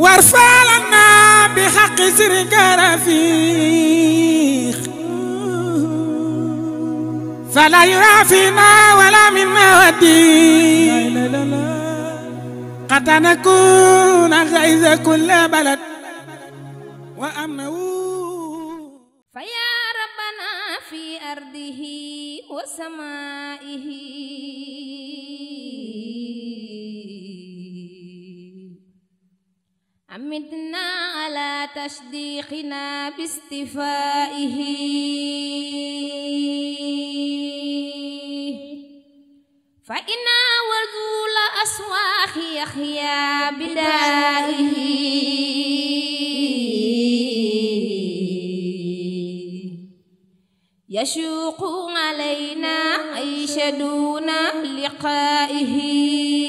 وارفعنا بحق سرك رفيق فلا يرى فينا ولا منا ودي قد نكون غيظ كل بلد وأمنه متنا على تشديقنا باستفائه فإنا وذول أسواخ يخيا بدائه يشوق علينا عيش دون لقائه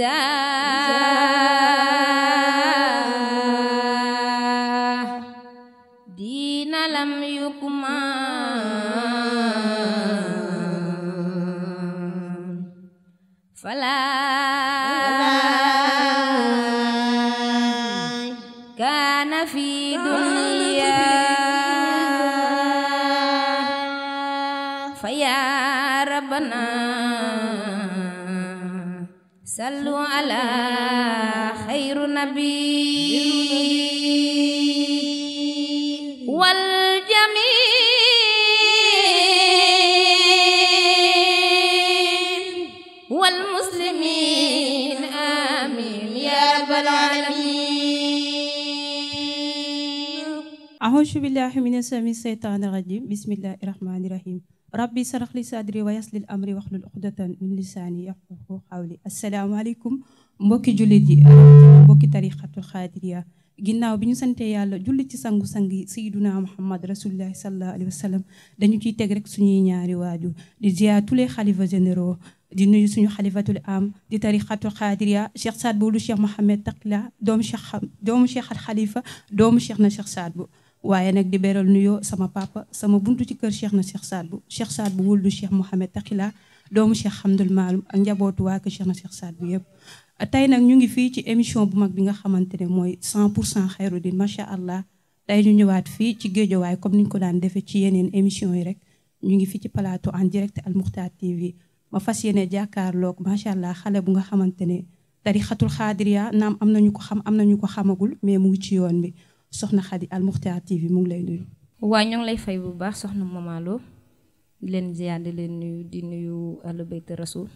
إذا أعوذ بالله من السميع الشيطان الرجيم بسم الله الرحمن الرحيم ربي اشرح لي صدري ويسر لي أمري واحلل عقدة من لساني يفقهوا قولي السلام عليكم mbokki jullit yi mbokki tarixatul xaadiriya ginnaaw bi ñu sante yàlla julli ci sangu sang yi sayyiduna muhammad rasulillahi sallallahu alayhi wa sallam dañu ciy teg rek suñuy ñaari waaju di ziyaar tous les xalifa généraux di nuyu suñu xalifatul am di tarixatul xaadiriya cheikh saad bu lu cheikh mohamed taqila doomu cheikh doomu cheikh al xalifa doomu cheikh na cheikh saad bu waaye nag di beral nuyoo sama papa sama buntu ci kër Cheikh na Cheikh Saad bu Cheikh Saad bu wuldu Cheikh Mouhamed Taxila doomu Cheikh Hamdul Maalum ak njabootu waa kër Cheikh na Cheikh Saad bu yëpp. tey nag ñu ngi fii ci émission bu mag bi nga xamante ne mooy 100 pour cent Khairoudine macha allah ñu ñëwaat fii ci géejowaay comme ni ñu ko daan defee ci yeneen émission yi rek ñu ngi fii ci plateau en direct Al Moukhtar TV ma fas yéene jàkkaarloog macha allah xale bu nga xamante ne tarixatul xaadiriya naam am nañu ko xam am nañu ko xamagul mais mu ngi ci yoon bi. soxna Khady Al Mokhtar TV mu ngi lay nuyu. waa ñoo ngi lay fay bu baax soxna Mama Lo di leen ziar di leen nuyu di nuyu Ahlul Bayt Rasul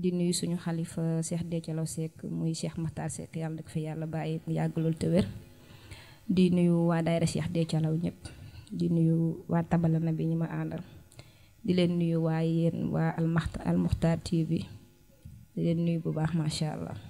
di nuyu suñu xalifa Cheikh Déthialaw Seck muy Cheikh Makhtar Seck yàlla da fi yàlla bàyyi mu yàgg loolu te wér di nuyu waa daayira Cheikh calaw ñëpp di nuyu waa tabalana bi ñu ma àndal di leen nuyu waa yéen waa Al Mokhtar TV di leen nuyu bu baax macha allah.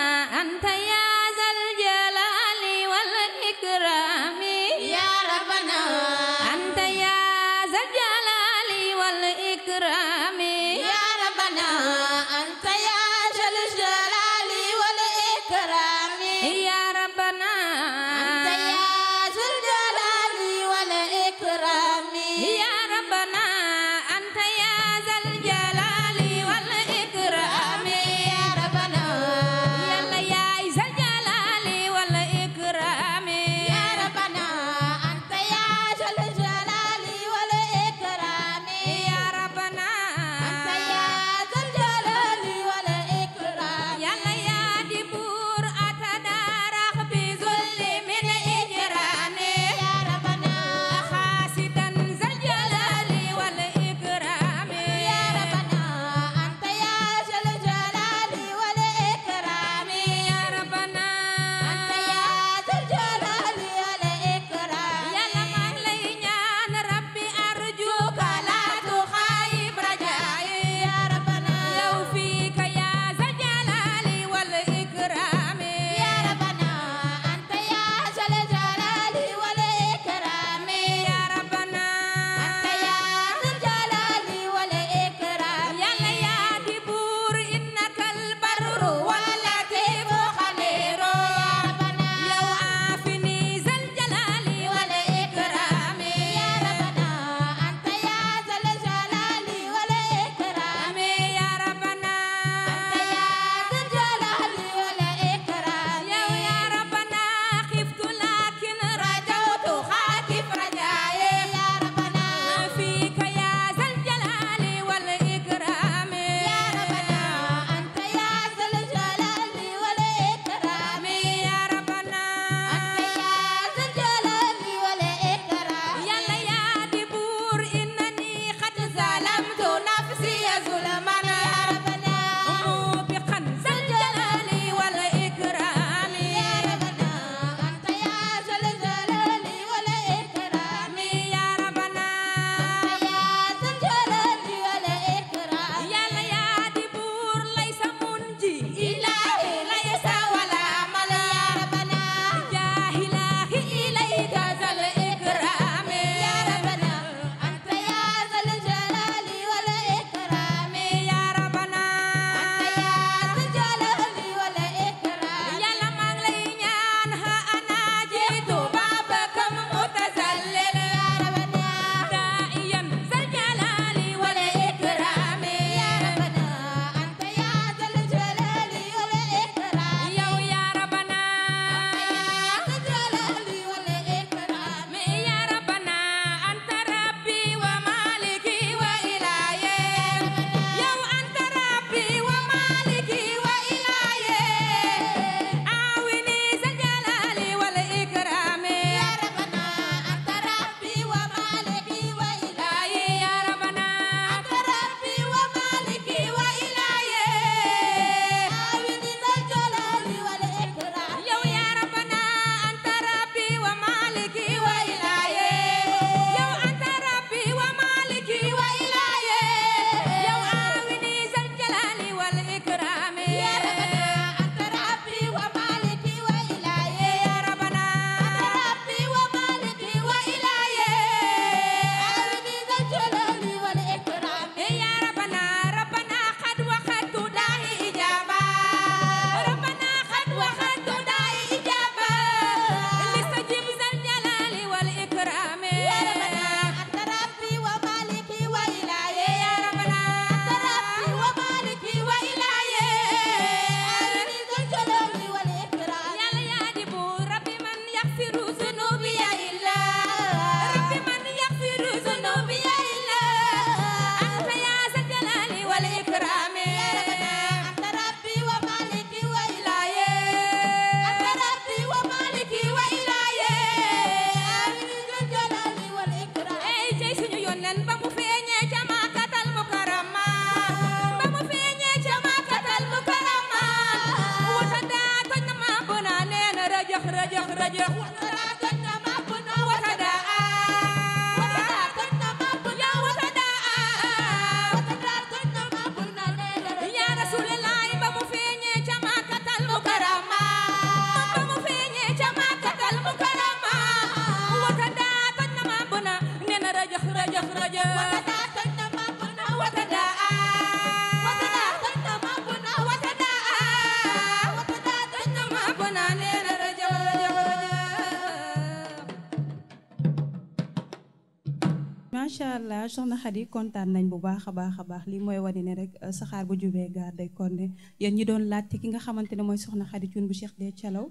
soxna xadi kontaan nañ bu baax a baax a baax lii mooy wane ne rek euh, saxaar bu jubee gaar day konde yéen ñi doon laajte ki nga xamante ne mooy soxna xadi Thioune bu Cheikh Dieng Thialaw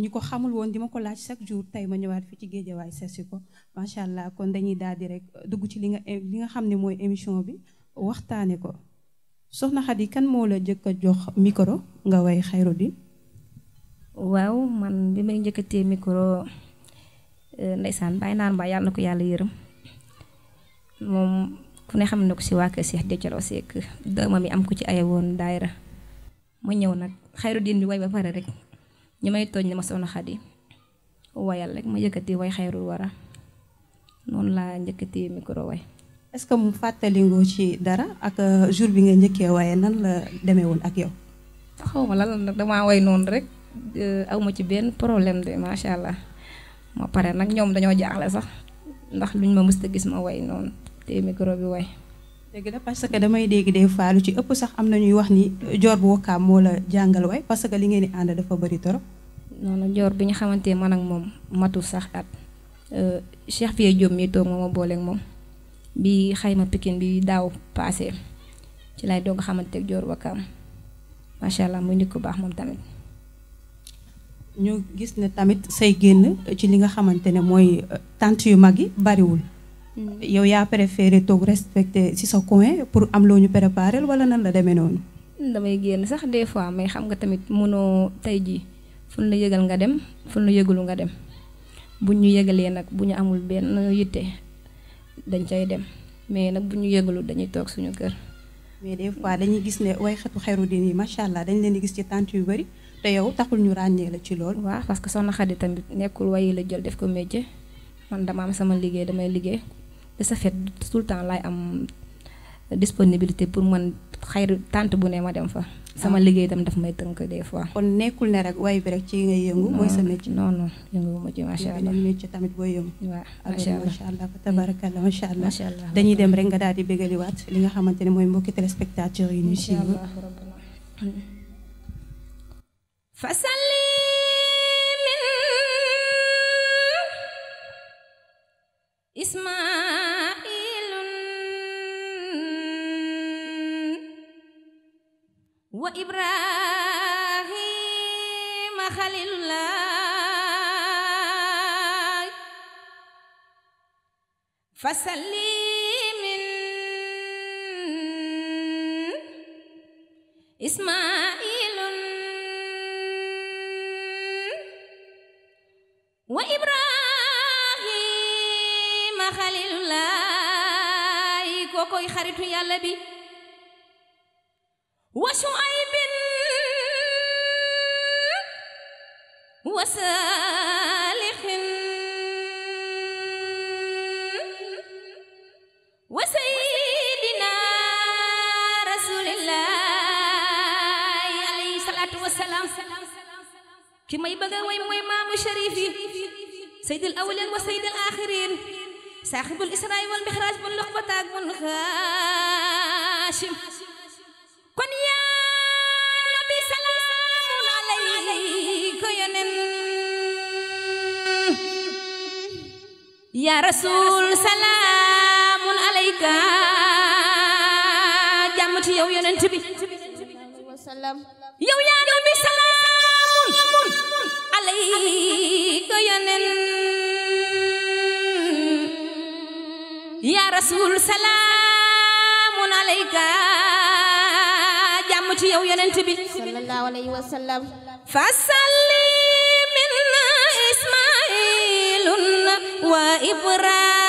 ñi ko xamul woon di ma ko laaj chaque jour tey ma ñëwaat fi ci géejawaay seesi ko macha allah kon dañuy daal di rek euh, dugg ci li nga li nga xam ne émission bi waxtaane ko soxna xadi kan moo la jëkk a jox micro nga way Khayroudine waaw man bi may njëkkatee micro euh, ndeysaan bàyyi naan ba yàlla ko yàlla yërëm moom ku ne xam ne ko si waa kër Cheikh Déthié Lô Seck doomam yi am ko ci ay woon daayira ma ñëw nag Xayruddin bi woy ba pare rek ñu may tooñ ne ma soxna Xadi wayal rek ma yëkkati woy xayrul wara noonu laa njëkkati micro way est-ce que mu fàttali nga ci dara ak euh, jour bi nga njëkkee waaye nan la demee woon ak yow. xaw ma lan la damaa way noonu rek euh, aw ma ci benn problème de macha allah moo pare nag ñoom dañoo jaaxle sax ndax luñ ma mës gis ma woy noonu téye micro bi way dëgg la parce que damay dégg des fois lu ci ëpp sax am na ñuy wax ni joor bu wakkaam moo la jàngal way parce que li ngeen di ànd dafa bëri torop noonu joor bi ñu xamante man ak moom matu sax at euh, Cheikh Vieux Diop mi toog moom a booleeg moom bi xayma pikin bi daaw passé ci lay doog xamante ak joor wakkaam macha allah mu nit ku baax moom tamit. ñu gis ne tamit say génn ci li nga xamante ne mooy tant yu mag yi bariwul yow mm. yaa préféré toog respecté ci sa coin pour am loo ñu préparé wala nan la demee noonu damay génn sax des fois mais xam nga tamit mënoo tey ji fun la yëgal nga dem la yëgalu nga dem bu ñu yëgalee nag amul benn yitte dañ cay dem mais nag bu ñu yëgalu dañuy toog suñu kër mais des fois dañuy gis ne way xatu xeru din yi macha allah dañ leen di gis ci tante yu bari te yow taxul ñu ràññee la ci lool waaw parce que soxna xadi tamit nekkul wayi la jël def ko métier man dama am sama liggéey damay liggéey de sa fait tout le temps lay am disponibilité pour man xayru tante bu ne ma dem fa sama ah. liggéey tam daf may teunk des fois kon nekul ne rek way bi rek ci ngay yëngu moy sa metti non non yëngu ma ci masha allah beneen tamit boy yëngu wa macha allah macha allah tabarakallah masha allah dañuy dem rek nga daal di wat li nga xamante moy mooy mbokki téléspectateurs yi ñu siiw fasalli min ismaa وإبراهيم خليل الله فسلم إسماعيل وإبراهيم خليل الله كوكو يخرج يا لبي فصلي منا إسماعيلنا وإبراهيم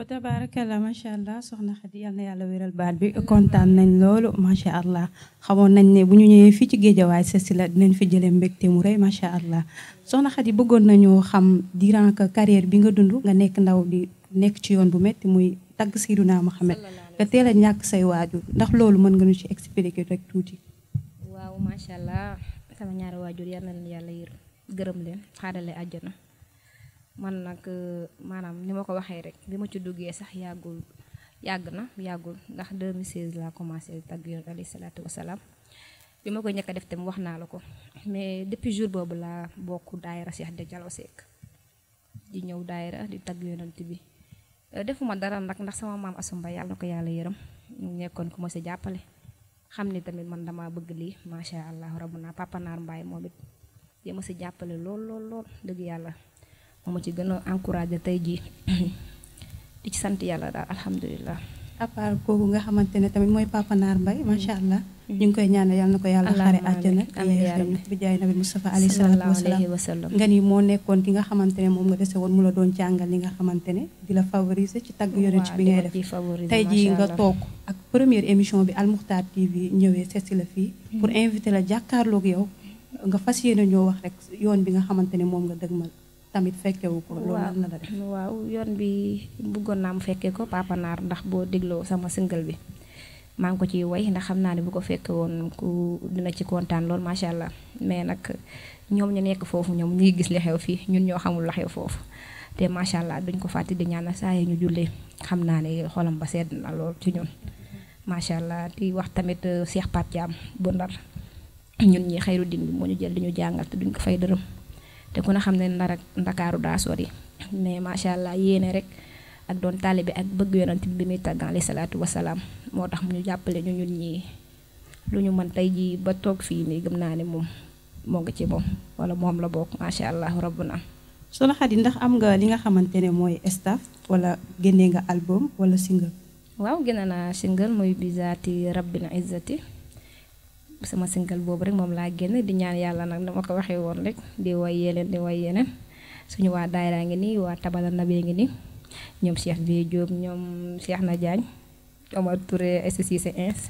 wa tabarakallah macha allah soxna Xadi yal na yàlla wéral baat bi kontaan nañ loolu allah xamoon nañ ne bu ñu ñëwee fii ci géejawaay sa la dinañ fi jëlee mbégte mu rëy macha allah soxna Xadi bëggoon nañu xam durant que carrière bi nga dund nga nekk ndaw di nekk ci yoon bu muy tagg Seydina Muhammad nga teel a ñàkk say waajur ndax loolu mën nga ñu ci expliquer rek tuuti. waaw macha allah sama ñaari waajur yal na leen gërëm leen xaarale man nak manam ni ma ko waxee rek bima ci duggé sax yagul gunah, na yàggul ndax 2016 la commencé tag yon ali salatu wasalaam bima ko ñëk def tam wax naa la mais depuis jour bobu la bokku Cheikh de sek di ñëw daayira di tag yonent bi euh, defuma dara nak ndax sama mam asumba yalla nako yalla yeeram yërëm ko nekkoon jappalé ma tamit man dama bëgg ma sha allah rabbuna papa nar mbay momit jappalé lol lol lol deug yalla moo ma ci gën encouragé tey jii di ci sant yàlla daal alhamdulilah. à part kooku nga xamante ne tamit mooy Papa Naar macha allah. Mm-hmm. ñu ngi koy ñaanal yal na ko yàlla xare àjjana bi jaay nabi Mustafa alayhi salaatu wasalaam nga ni moo nekkoon ki nga xamante ne moom nga dese woon mu la doon jàngal li nga xamante ne di la favoriser ci tagg yonent bi ngay def tey jii nga toog ak première émission bi Al Moukhtar TV ñëwee seet si la fii mm-hmm. pour invité la jàkkaarlook yow nga fas yéene ñoo wax rek yoon bi nga xamante ne moom nga dëgmal tamit fekkewu ko loolu lan la waaw yoon bi bëggoon naa mu fekkee ko Papa Naar ndax boo dégloo sama single bi maa ngi ko ciy woy ndax xam naa ne bu ko fekkee woon ku dina ci kontaan lool macha allah mais nag ñoom ñu nekk foofu ñoom ñuy gis li xew fii ñun ñoo xamul la foofu te macha allah duñ ko fàtte di ñaanal saa yi ñu jullee xam naa ne xolam ba sedd na lool ci ñun macha allah di wax tamit euh, Cheikh part Thiam bu Ndar ñun ñi xayru din bi moo ñu jël di ñu jàngal te duñ ko fay dërëm te ku ne xam ne Ndar ak Ndakaaru daa yi mais macha allah yéene rek ak doon taalibe ak bëgg yonent bi muy tàgg alayhi salaatu wasalaam moo tax mu ñu jàppale ñu ñun ñii lu ñu man tey jii ba toog fii nii gëm naa ne moom moo ngi ci moom wala moom la bokk macha allah rabb na Soxna Xadi ndax am nga li nga xamante ne mooy staff wala génnee nga album wala single. waaw génne naa single mooy bisaati rabbina izzati sama single boobu rek moom laa génn di ñaan yàlla nag ma ko waxee woon rek di way yeneen di way yeneen suñu waa daayira ngi nii waa tabala na nabee ngi nii ñoom Cheikh Dieye Diop ñoom Cheikh na Diagne Omar Touré SCC ins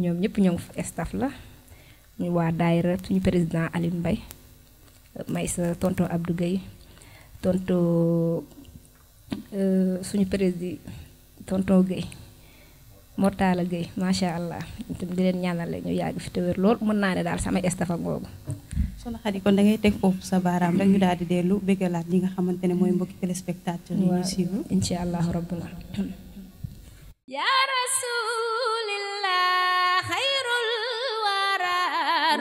ñoom ñëpp ñoo ngi la ñu waa daayira suñu président Aline bay may sa tonton Abdou Gueye tonton euh, suñu président tonton Gueye Mortala Gueye macha allah itam di len ñaanal la ñu yag fi te lool mën na ne dal sama estafa gogu sunu xadi kon da ngay tek fofu sa baram rek ñu dal di delu bëggalaat ñi nga xamantene moy mbokk mbokki téléspectateur yi ñu siiw. incha allahu rabbuna. ya rasulillah khairul wara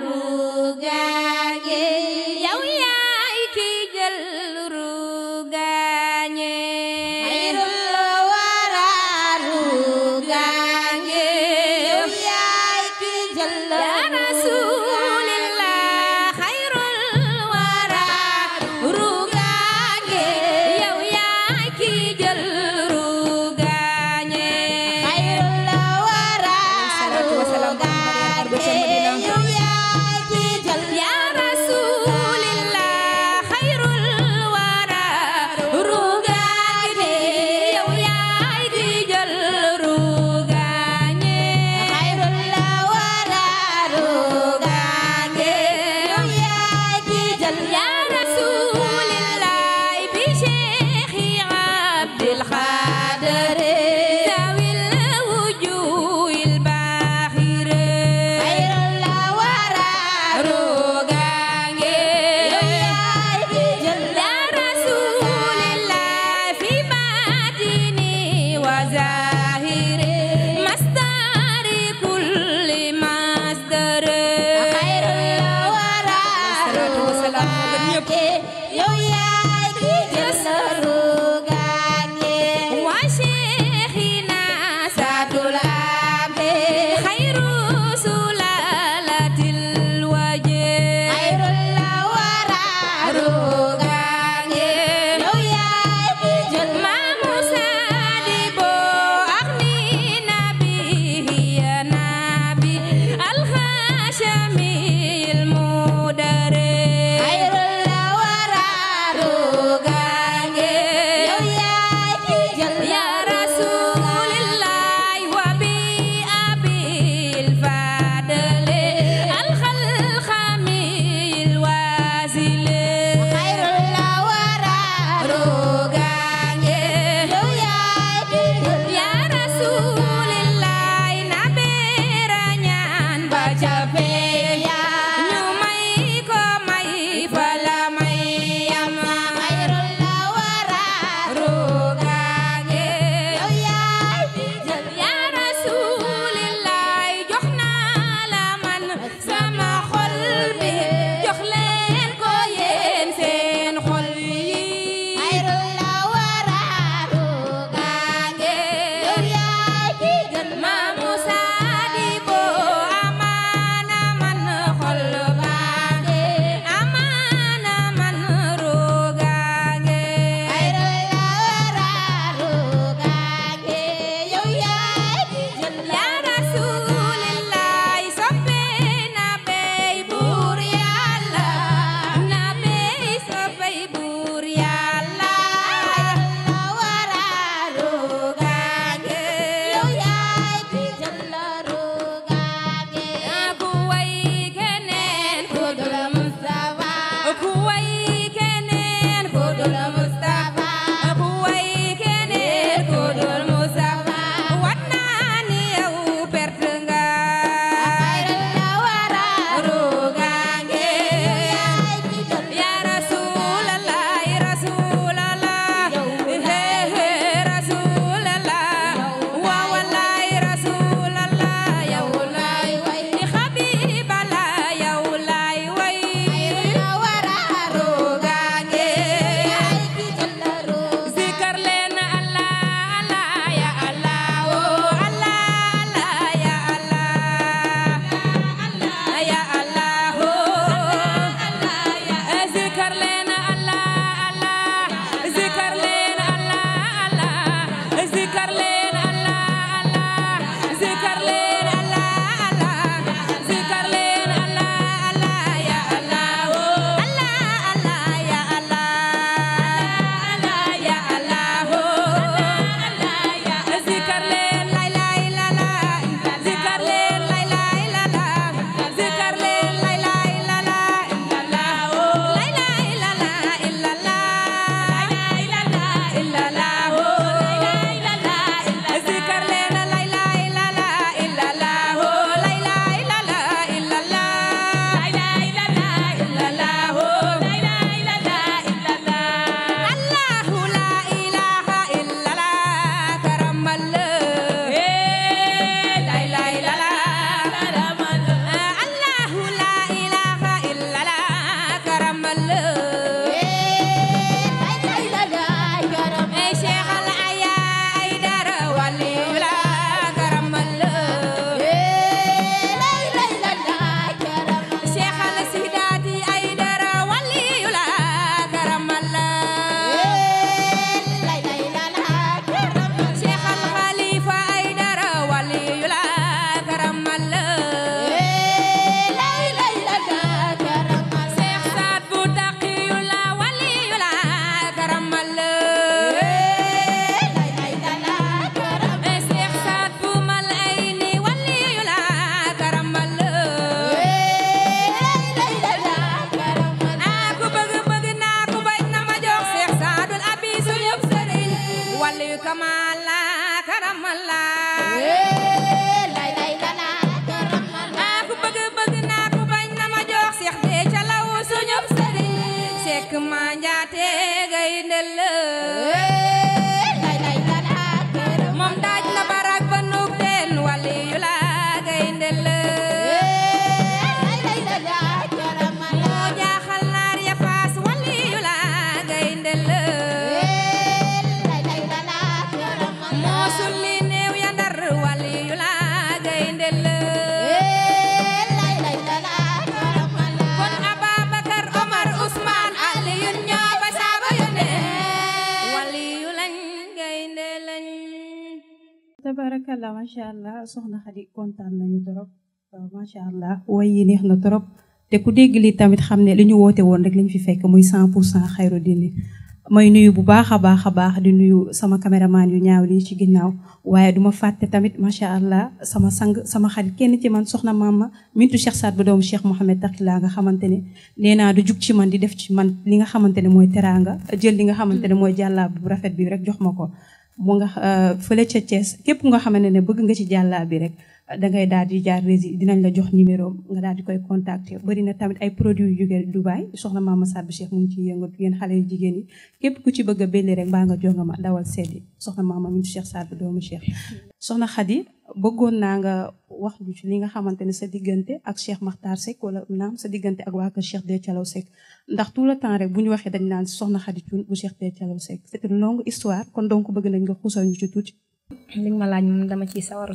rugaage yow ya kontaan nañu torop macha allah way neex na torop te ku dégg li tamit xam ne li ñu woote woon rek lañ fi fekk muy 100 pour cent xayru dini may nuyu bu baax a baax di nuyu sama cameraman yu ñaaw lii ci ginnaaw waaye duma fàtte tamit macha allah sama sang sama xarit kenn ci man soxna mama mintu cheikh sad, ba doom cheikh mohammed takila nga xamante ne nee naa du jug ci man di def ci man li nga xamante ne mooy teraanga jël li nga xamante ne mooy jàllaa bu rafet bi rek jox ma ko nga euh, fële ca Thiès képp nga xamante ne nga ci jàllaa bi rek da ngay daal di jaar rési dinañ jox numéro nga daal di koy contacter bëri na tamit ay produits yu jógee soxna Mama ngi ciy yëngatu yéen xale yu jigéen yi képp ku ci bëgg a belli rek baa nga jonga ma dawal seddi soxna Mama Mintou Cheikh Sadou doomu soxna Khady bëggoon naa nga wax ju ci li nga xamante ne sa diggante ak Cheikh Makhtar Seck wala naam sa diggante ak waa kër Cheikh Dethialaw Seck ndax tout le temps rek bu ñu waxee dañ naan soxna Khady Thioune bu Cheikh Dethialaw Seck c'est une longue histoire kon donc bëgg nañ nga xuusal ñu ci tuuti. li nga ma laaj moom dama ciy sawar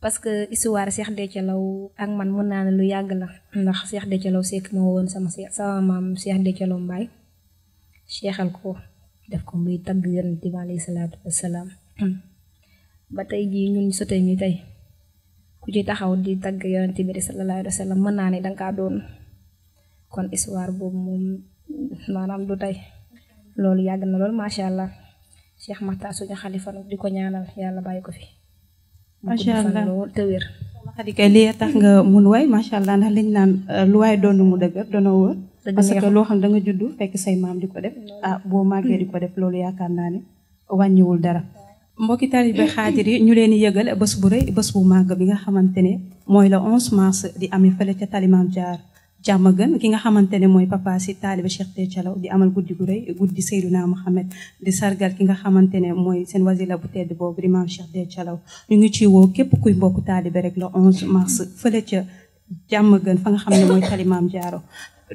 parce que histoire cheikh déthia law ak man mën naa ne lu yàgg la ndax cheikh déthia law sekk moo woon sama sama maam cheikh déthia law mbaay cheikhal ko def ko muy tagg yonente bi alayhi salaatu wasalaam ba tey jii ñun sote ñu tey ku ci taxaw di tagg yonente bi sallallahu alayhi wasallam mën naa ne danga kaa doon kon histoire boobu moom maanaam du tey loolu yàgg na lool macha allah cheikh maxta suñu xalifa di ko ñaanal yàlla bàyyi ko fi Masya allah lool kali nah, eh, ya xadi kay li allah ndax liñ naan lu waay doon mu dëgër doona wóor parce que loo xam da nga judd fekk say maam di ko def ah boo màggee di ko def loolu yaakaar naa ne wàññiwul dara mbokki talibe xaadir yi ñu leen di yëgal bés bu rëy bés bu màgg bi nga xamante ne mooy 11 mars di amee fële ca talimaam jaar jàmm gën ki nga xamante ne mooy papa si taaliba Cheikh Te di amal guddi gu rëy guddi Seydouna Mohamed di sargal ki nga xamante ne mooy seen wasila bu tedd boobu di maam Cheikh Te Thialaw ñu ngi ciy woo képp kuy mbokk taaliba rek le 11 mars fële ca jàmm gën fa nga xam ne mooy tali jaaro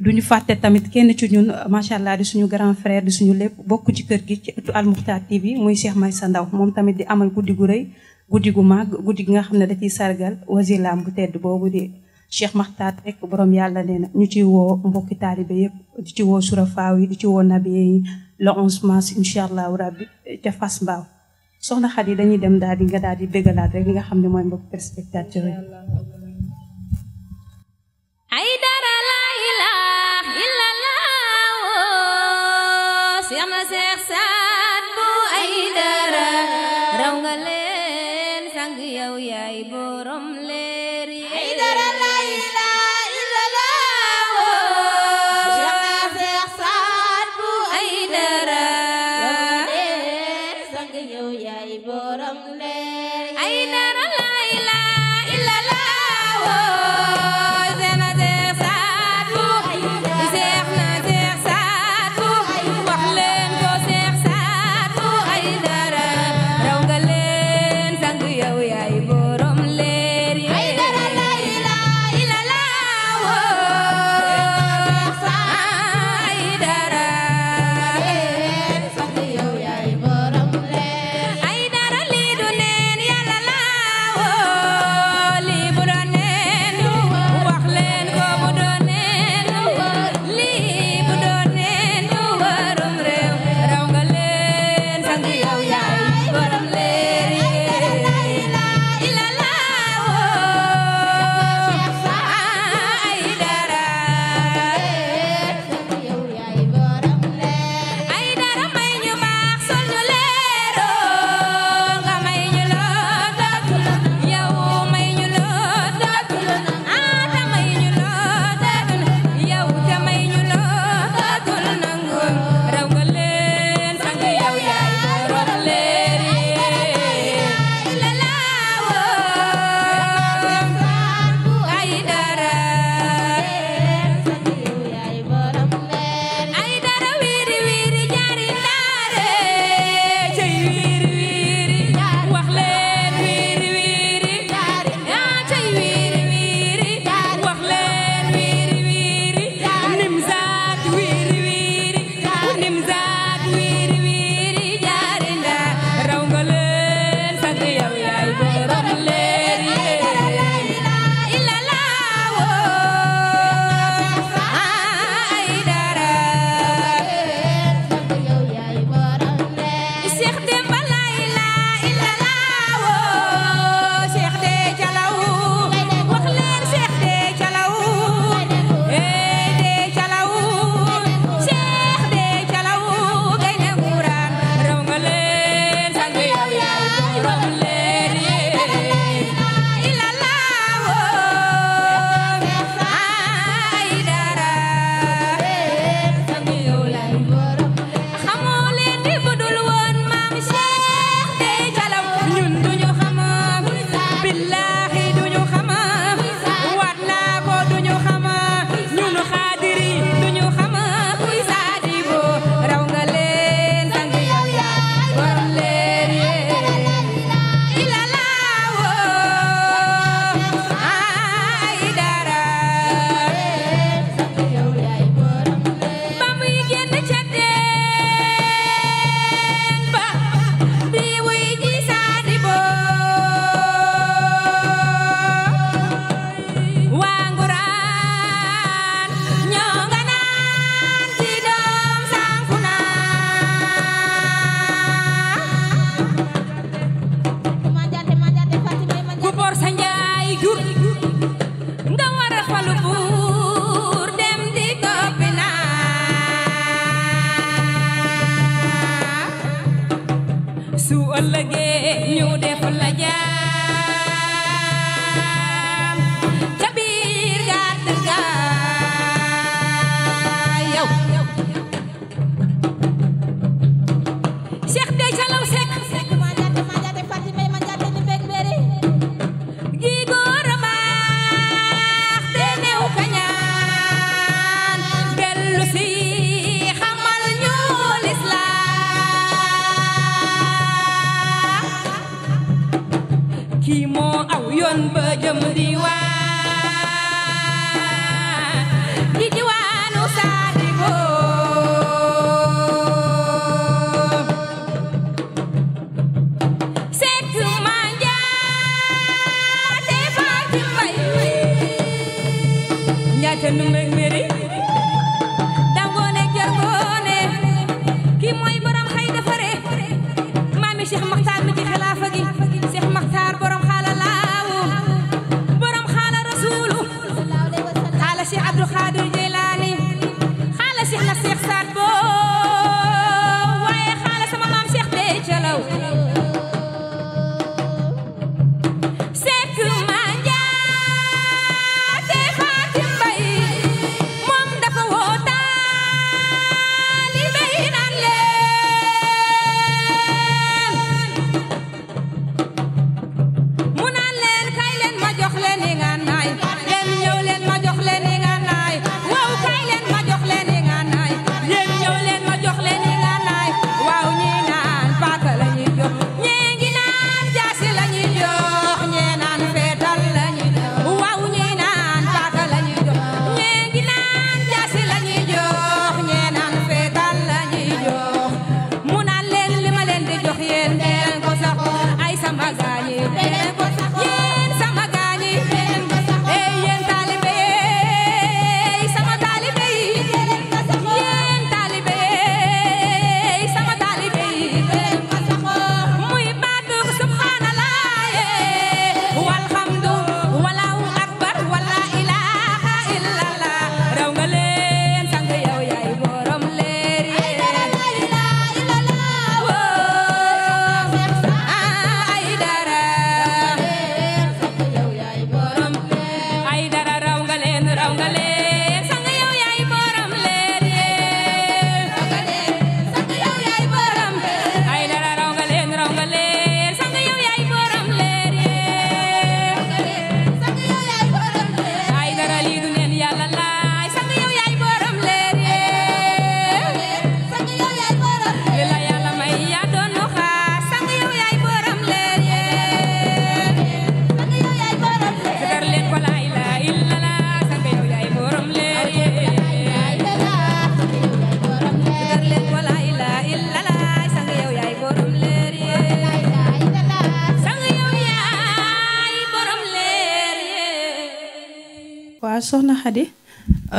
duñu fàtte tamit kenn ci ñun macha allah di suñu grand frère suñu lépp bokk ci kër gi ci ëttu Al Moukhtar TV muy Cheikh Maysa Ndaw moom tamit di amal guddi gu rëy guddi gu màgg guddi gi nga xam ne da ciy sargal wasilaam bu tedd boobu di cheikh maxtaar rek borom yàlla nee na ñu ci woo mbokki taalibe yëpp di ci woo surafaaw yi di ci woo nabiye yi le onze mars incha allah rabbi ca fas mbaaw soxna xat dañuy dem daal di nga daal di béggalaat rek li nga xam ne mbokk téléspectateur yi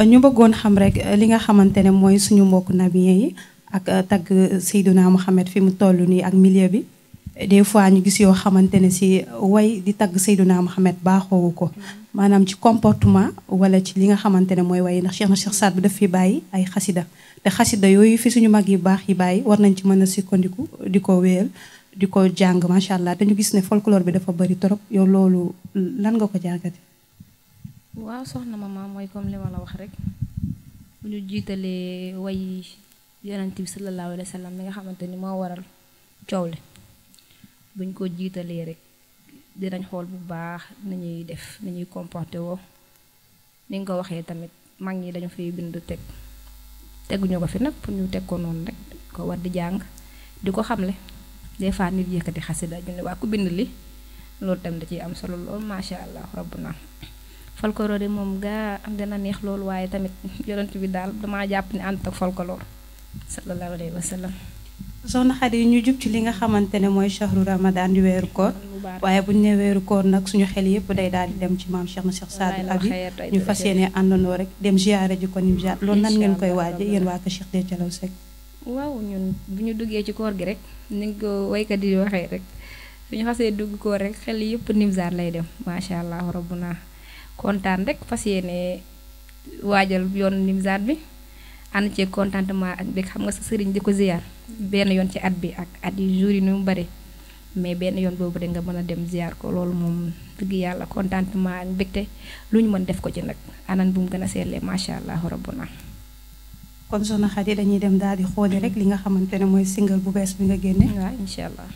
ñu bëggoon xam rek euh, li nga xamante ne mooy suñu mbokk nabiyen yi ak euh, tagg Seydouna Mohamed fi mu toll nii ak milieu bi des fois ñu gis yoo xamante ne si way di tagg Seydouna Mohamed baaxoowu ko maanaam ci comportement wala ci li nga xamante ne mooy way ndax Cheikh na def fi bàyyi ay xasida te xasida yooyu fi suñu mag yu baax yi bàyyi war nañ ci mën a sukkandiku di ko wéyal di ko jàng macha allah dañu gis ne folklore bi dafa bëri trop yow loolu lan nga ko jàngate waaw soxna mama mooy comme li ma la wax rek bu ñu jiitalee way yonent bi sallallahu alayhi wa sallam nga xamante ni moo waral coow li buñ ko jiitalee rek dinañ xool bu baax nañuy def nañuy comporté woo ni nga ko waxee tamit mag ñi dañu fay bind teg teguñu ko fi nag pour ñu teg koo noonu rek ko war di jàng di ko xam xamle des fois nit yëkkati di ñu ne waa ku bind li loolu tamit da ciy am solo loolu macha allah rabbuna folklore ga gaa dana neex loolu waye tamit yonent bi dal dama japp ni ant ak folklore sallallahu alaihi wasallam sallam soxna Xadi ñu jup ci li nga xamantene moy shahru ramadan di weeru koor waye bu ñu nee weeru koor nag suñu xel yépp day daal dem ci mam Cheikh na Cheikh Saadu Abi ñu fas andono rek dem ziaré ji ko nim ziyaar lool nan ngeen koy waaje yeen wa ka Cheikh de Jalaw sek waaw ñun bu ñu ci koor gi rek ni nga way ka di waxé rek suñu xasse dugg koor rek xel yëpp nimsaar lay dem sha allah rabbuna kontaan rek fas yéene waajal yoon nimsaat bi ànd ci contentement ak bég xam nga sa sëriñ di ko ziyaar benn yoon ci at bi ak at yi jour yi nu mu bare mais benn yoon boobu de nga mën a dem ziyaar ko loolu moom dëgg yàlla contentement ak bégte lu ñu mën def ko ci nag anan bu mu gën a seetlee macha allah rabbuna kon soxna Khady dañuy dem daal di xoole rek li nga xamante ne mooy single bu bees bi nga génne. waaw incha allah.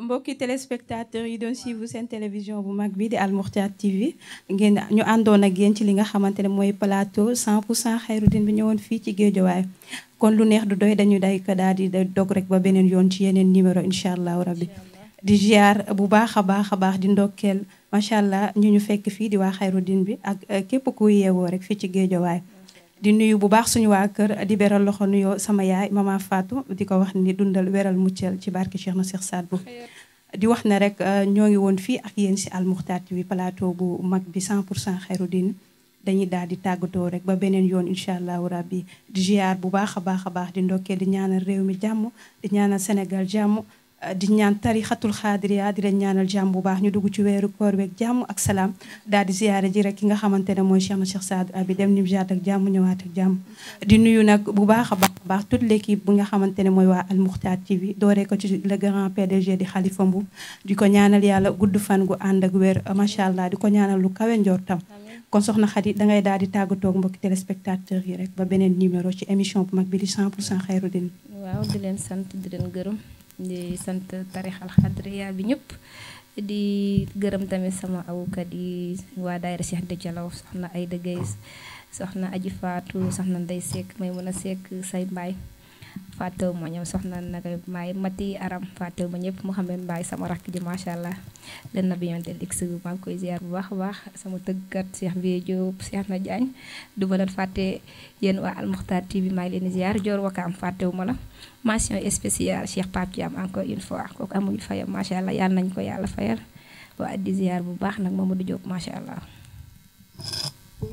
mbokki téléspectateurs yi doon suivre seen télévision bu mag bi di Al Mokhtar TV ngeen ñu àndoon ak yéen ci li nga xamante ne mooy plateau 100 pour cent Khairoudine bi ñëwoon fii ci Géejawaay kon lu neex du doy dañu day ko daal di dog rek ba beneen yoon ci yeneen numéro incha allahu rabbi di ziar bu baax a baax a baax di ndokkeel macha allah ñu ñu fekk fii di waa Khairoudine bi ak euh, képp ku yeewoo rek fii ci Géejawaay di nuyu bu baax suñu waa kër di beral loxo nuyoo sama yaay mama Fatou di ko wax ni dundal weral muccel ci barke Cheikh na Cheikh Sadbou di wax ne rek euh, ñoo ngi woon fii ak yéen si Al Moukhtar bi plateau bu mag bi 100 pour cent din dañuy daal di tàggatoo rek ba beneen yoon incha allahu rabbi di ziar bu baax a baax a baax di ndokkee di ñaanal réew mi jàmm di ñaanal Sénégal jàmm di ñaan tarixatul xaadiriya di leen ñaanal jàmm bu baax ñu dugg ci weeru koor weeg jàmm ak salaam daal di ziyaare ji rek ki nga xamante ne mooy Cheikh na Cheikh Saad Abi dem Nimjaat ak jàmm ñëwaat ak jàmm di nuyu nag bu baax a baax a baax toute l'équipe bi nga xamante ne mooy waa Al Moukhtar TV dooree ko ci le grand PDG di Khalifa Mboup di ko ñaanal yàlla gudd fan gu ànd ak wér macha allah di ko ñaanal lu kawe njortam kon soxna Khady dangay daal di tàggatoo ak mbokki téléspectateur yi rek ba beneen numéro ci émission bu mag bi di 100 pour cent Xayrudin waaw di leen sant di leen gërëm di sant tarix alxadriya bi ñëpp di gërëm tamit sama awukat yi waa daayira Cheikh de Jalaw soxna Ayda Gaye soxna Aji Faatu soxna Ndey Seck may mën a Seck say mbaay fatou mo ñam soxna nagay may mati aram fatou mo ñepp mohammed mbay sama rak ji machallah le nabi yonte dik su ma ko ziar bu wax wax sama teugat cheikh bi diop cheikh na diagne du len faté yeen wa al mukhtar tv may len ziar jor wakam fatou mo la mention spéciale cheikh pape diam encore une fois kok amul fayam ma sha allah ya, nañ ko yalla fayal wa addi ziar bu bax nak mamadou diop ma ñu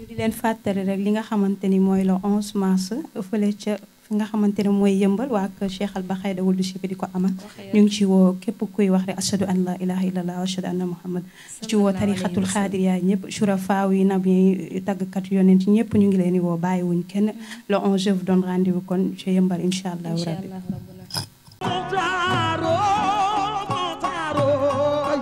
di leen fatale rek li nga xamanteni moy le 11 mars feulé ci fi nga xamante ne mooy yëmbal waa ak Cheikh Al Baxayda Wuldu Chibi ko amal ñu ngi ci woo képp kuy wax rek ashadu an la ilaha illallah wa ashadu anna muhammad ci woo tarixatul xaadiriya ñëpp surafaaw yi nab yi tàggkat yonent ñëpp ñu ngi leen di woo bàyyiwuñ kenn le onze vous donne rendez kon ci yëmbal incha allahu rabbi